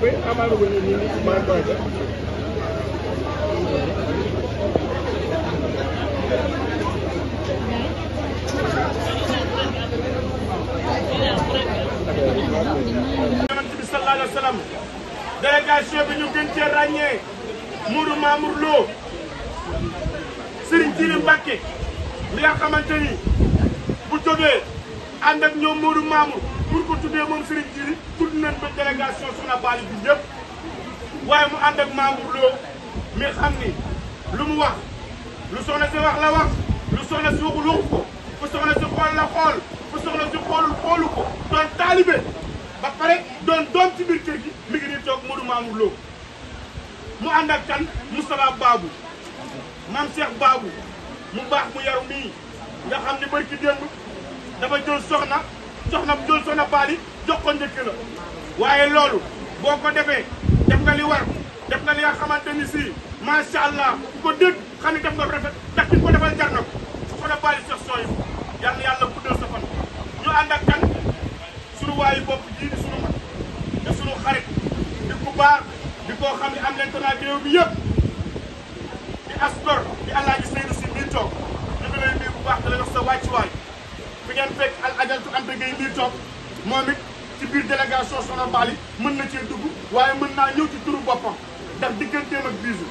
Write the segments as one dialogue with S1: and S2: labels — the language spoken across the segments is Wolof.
S1: Wait, I'm out of winning. You need to mind délégation bi ñu gën cee ràññee Mourou Mamour Lo Serigne Diri Mbacke li nga xamante ni bu jógee ànd ak ñoom Mourou Mamour buñ ko tuddee moom Serigne Djily tudd nañ ba délégation Soxna Bally waaye mu ànd ak Mamour mi xam ni lu mu wax lu soxna si wax la wax lu soxna si waxul ko fu soxna si xool la xool fu soxna si xoolul xoolu ko doon taalibe ba pare doon doom ci biir kër gi toog Modou Mamour Lo mu ànd ak kan Moustapha Babou maam Cheikh Babou mu baax mu yaru nii nga xam ni barki démb dafa jël soxna soxna jël soxna baali jox ko njëkk la waaye loolu boo ko defee def nga li war def nga li nga xamante ni si allah ku ko dégg xam ne def nga rafet ndax ki ko defal jar na ko soxna baali sox sooy yal yàlla guddal baax di koo xam ne am leen ko naa réew bi di astor di alaaji Seydou si biir ñu ngi lay nuyu baax di la jox sa wàccuwaay ngeen fekk al ajaltu Anta Gueye mii toog moom it ci biir délégation Sonacos mën na cee dugg waaye mën naa ñëw ci turu boppam ndax digganteem ak Bijou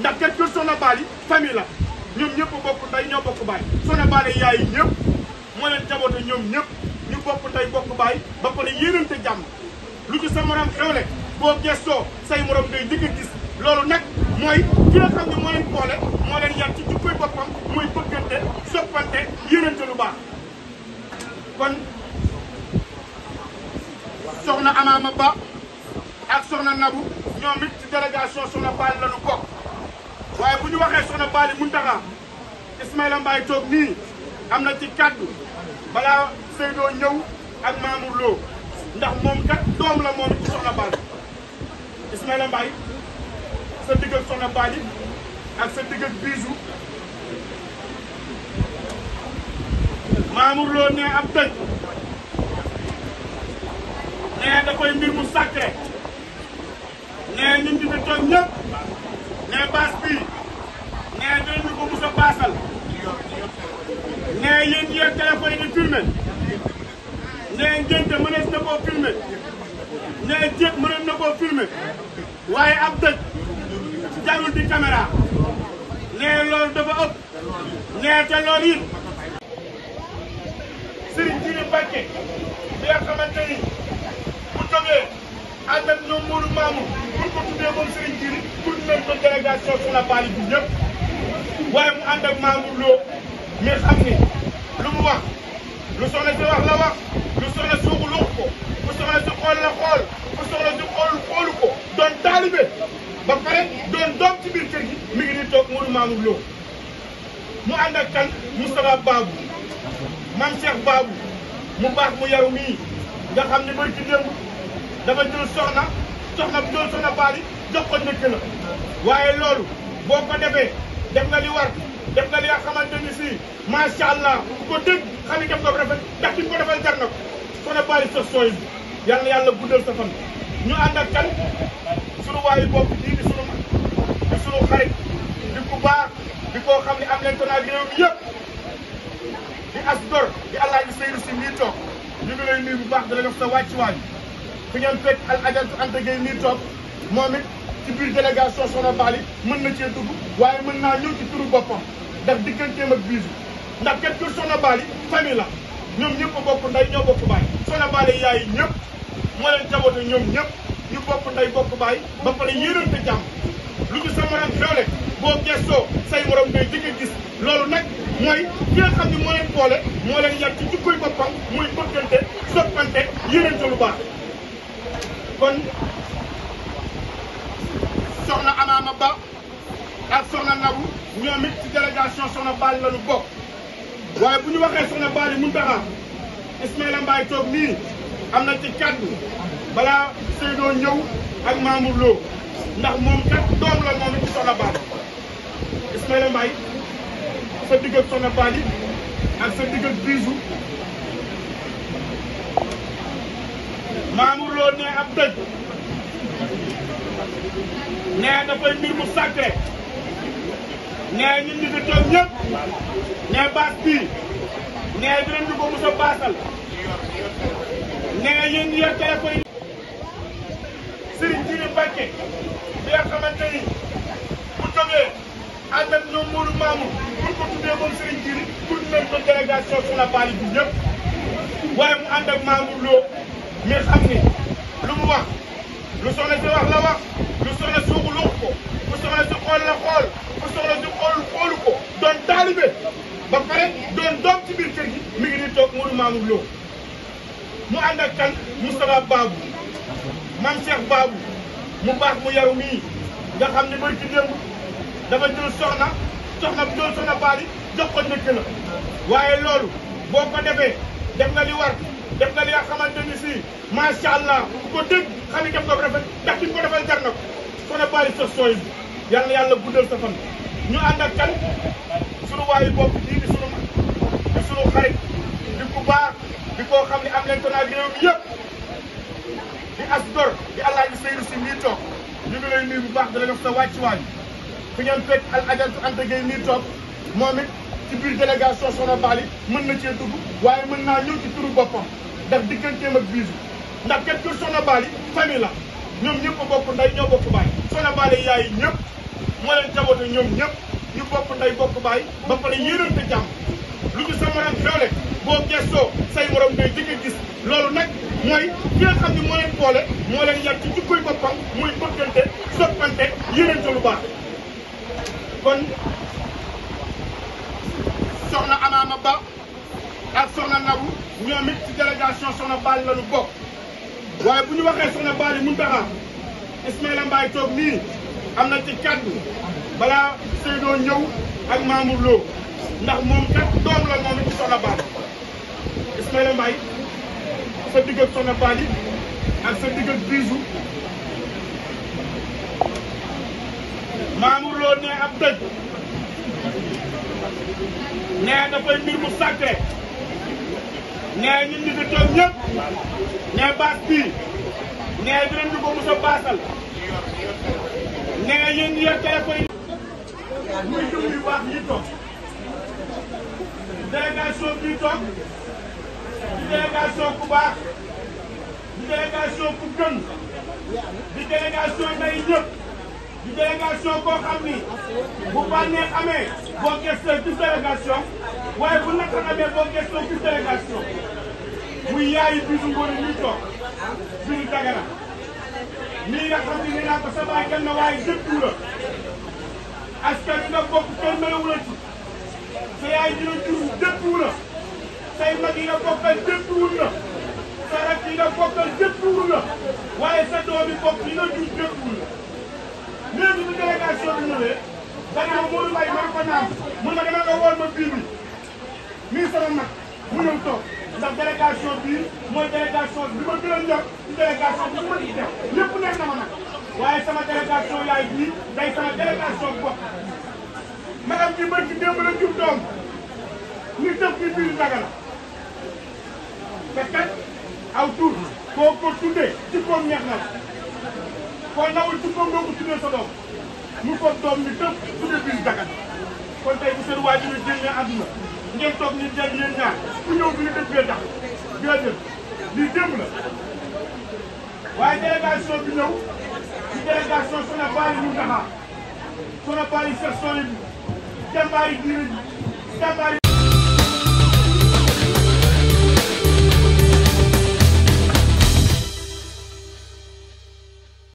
S1: ndax kat kër Sonacos yi famille la ñoom ñëpp bokk ndey ñoo bokk baay Sonacos yi yaay ñëpp moo leen jaboote ñoom ñëpp ñu bokk ndey bokk baay ba pare yéenante jàmm lu ci sa morom xewle boo gestoo say morom ngay dëgg gis loolu nag mooy ki nga xam ne moo moo leen yar ci jikkoy boppam muy kon soxna Amaama Ba ak soxna Nabu ñoom ci délégation soxna Baali la ñu bokk waaye bu ñu waxee soxna Baali Muntaxa Ismaïla Mbaye toog nii am na ci kàddu balaa Seydoo ñëw ak Mamour Lo ndax moom kat la moom ci soxna Baali Ismaïla Mbaye sa digg soxna Baali ak sa digg ak Mamour Lo ab dëj ne da koy mbir mu sacré ne nit ñi di ñëpp ne baas bii ne ko mos baasal ne yéen yéen téléphone di filmé ne ngénte mënees na koo filmé ne jéeg mënees na koo filmé waaye ab dëj jarul di caméra ne loolu dafa ëpp ne te loolu it Serigne Djily Mbacké bi nga xamante ni bu jógee ànd ak ñoom Modou Mamou pour ko tuddee moom Serigne Djily tudd nañ ko délégation la bali bi waaye mu ànd ak Mamour Lo xam ni lu mu wax lu soxla si wax la wax lu soxla si waxul wax ko lu xool la xool lu soxla si xool xoolu ko taalibe ba pare doon doom ci biir gi mi ngi ni toog Modou Mamour Lo mu ànd ak kan Moustapha Babou maam Cheikh Babou mu baax mu yaru mii nga xam ne bari ci démb dama soxna soxna bu jël soxna baali jox ko njëkk la waaye loolu boo ko defee def nga li war def nga li nga xamante ni si ko dégg xam ne def nga ko rafet ndax ki ko defal jar na ko soxna baali sa sooy bi yàlla yàlla guddal sa fan ñu ànd ak kan sunu waayu bopp jii di sunu mag di sunu xarit di ku baax di koo xam ne am leen ko naag réew mi as gor di alaaji Seydou si nii toog ñu ngi lay nuyu bu baax di la jox sa wàccuwaay fi ngeen fekk al ajantu Anta Gueye nii toog moom it ci biir délégation Soxna Bali mën na cee dugg waaye mën naa ñëw ci turu boppam ndax digganteem ak biisu ndax kat kër Soxna Bali famille la ñoom ñëpp a bokk nday ñoo bokk baay Soxna Bali yaay ñëpp moo leen jaboote ñoom ñëpp ñu bokk nday bokk baay ba pare yéenante jàmm lu ñu sa morom xewle boo gestoo say morom ngay jëkk gis loolu nag mooy ki nga xam ne moo leen boole moo leen yar ci jikkoy boppam muy bëggante soppante yénente lu baax kon soxna Amaama Ba ak soxna Nabu ñoom it ci délégation soxna Baali la ñu waaye bu ñu waxee soxna Baali mun taxaa Ismaïla Mbaye nii am na ci kàddu balaa Seydou ñëw ak Mamour Lo ndax moom kat doom la moom it ci Soxna Bally Ismaïla Mbaye sa digg ak Soxna ak sa digg ak Bijou Mamour ne ab dëj nee dafay mbir mu sacré nee ñun ñi fi toog ñëpp nee baas bii nee dinañ ñu ko mos a baasal nee na yéen ñu yor téléphone yi. Serigne Dina Mbacke bi nga xamante ni bu jógee ànd ak ñoom Modou Mamour pour ko tuddee moom Serigne Dina pour la bali bi ñëpp waaye mu ànd ak Mamour Lo mi ni lu mu wax lu soxla si wax la wax lu soxla suubu luux ko bu soxla si la xool bu soxla si doon taalibe ba pare doon doom ci biir mi ni toog Modou Mamour Lo mu ànd ak kan Moustapha Babou maam Cheikh Babou mu baax mu yaru mii nga xam ne bari ci démb dafa jël soxna soxna jël soxna baali jox ko njëkk la waaye loolu boo ko defee def nga li war def nga li nga xamante ni sii macha ko dëgg xam ne def nga ko rafet ndax ki ko defal jar na ko soxna baali sos sooy yàlla yàlla guddal sa fan ñu ànd ak kan sunu waayu bopp jii di sunu mag di sunu xarit di ku di ko xam ne am nañ ko naag réew mi yëpp di as gor di alaaji Seydou si nii toog ñu ngi lay nuyu bu baax di la jox sa wàccuwaay ku ngeen fekk al ajantu Anta Gueye nii toog moom it ci biir délégation Soxna Bali mën na cee dugg waaye mën naa ñëw ci turu boppam ndax digganteem ak biisu ndax kenn kër Soxna Bali famille la ñoom ñëpp a bokk nday ñoo bokk baay Soxna Bali yaay ñëpp moo leen jaboote ñoom ñëpp ñu bokk nday bokk baay ba pare yéenante jàmm lu boo gestoo say morom ngay jëkk a gis loolu nag mooy ki nga xam ne moo leen boole moo leen yar ci jikkoy boppam muy bëggante soppante yénente lu baax kon soxna Amaama Ba ak soxna Nabu ñoom it ci délégation soxna Baali la ñu waaye bu ñu waxee soxna Baali Muntaxa Ismaïla Mbaye toog nii am na ci kàddu balaa Seydou ñëw ak Mamour Lo ndax moom kat doom la moom ci soxna Baali Ismaïla Mbaye sa digg ak Soxna Bally ak sa digg ak Bijou Mamour ab dëj nee dafay mbir mu sacré nee ñun ñi fi toog ñëpp nee baas bii nee dinañ di ko mos a baasal nee yéen yor téléphone yi. muy jëm yu baax yi toog délégation bii toog. di délégation ku baax di délégation ku gën di délégation day ñëpp di délégation koo xam ni bu bànnee amee boo gëstoo gis délégation waaye bu naqar amee boo gëstoo gis délégation muy yaayi bisu ngóone ñu toog bisu dagana nii nga xam ne nee naa ko sa na waaye jëkku la askan wi nga bokk yaay dina jur jëkku la say mag yi nga bokkal jëpp wul na sa rakk yi nga bokkal jëpp wul na waaye sa doomi bopp yi nga jur jëpp wul na.
S2: léegi bi délégation bi ñëwee
S1: danaa Modou Mbaye maa ko naan mun ma dama nga woon ma bii bi mii sama mag mu ñëw toog ndax délégation bii mooy délégation bi ma gën a ñor délégation bi ma di def lépp nekk na ma nag waaye sama délégation yaay bii day sama délégation bopp madame bi mën ci démb la jur doom ñu def ni biir Ndagala te kat aw tur boo ko tuddee jikkoom neex na kon nawul jikkoom doo ko tuddee sa doom mu foog doom mi tëb tuddee biir dakat kon tey bu seen waajur yi génnee àdduna ngeen toog ñu jël yéen ñaar ku ñëw bi ñu dëj bee tax déedéet lii démb la waaye délégation bi ñëw ci délégation Sonapari ñu ndaxaa Sonapari section yi bi jàmbaari diine bi jàmbaari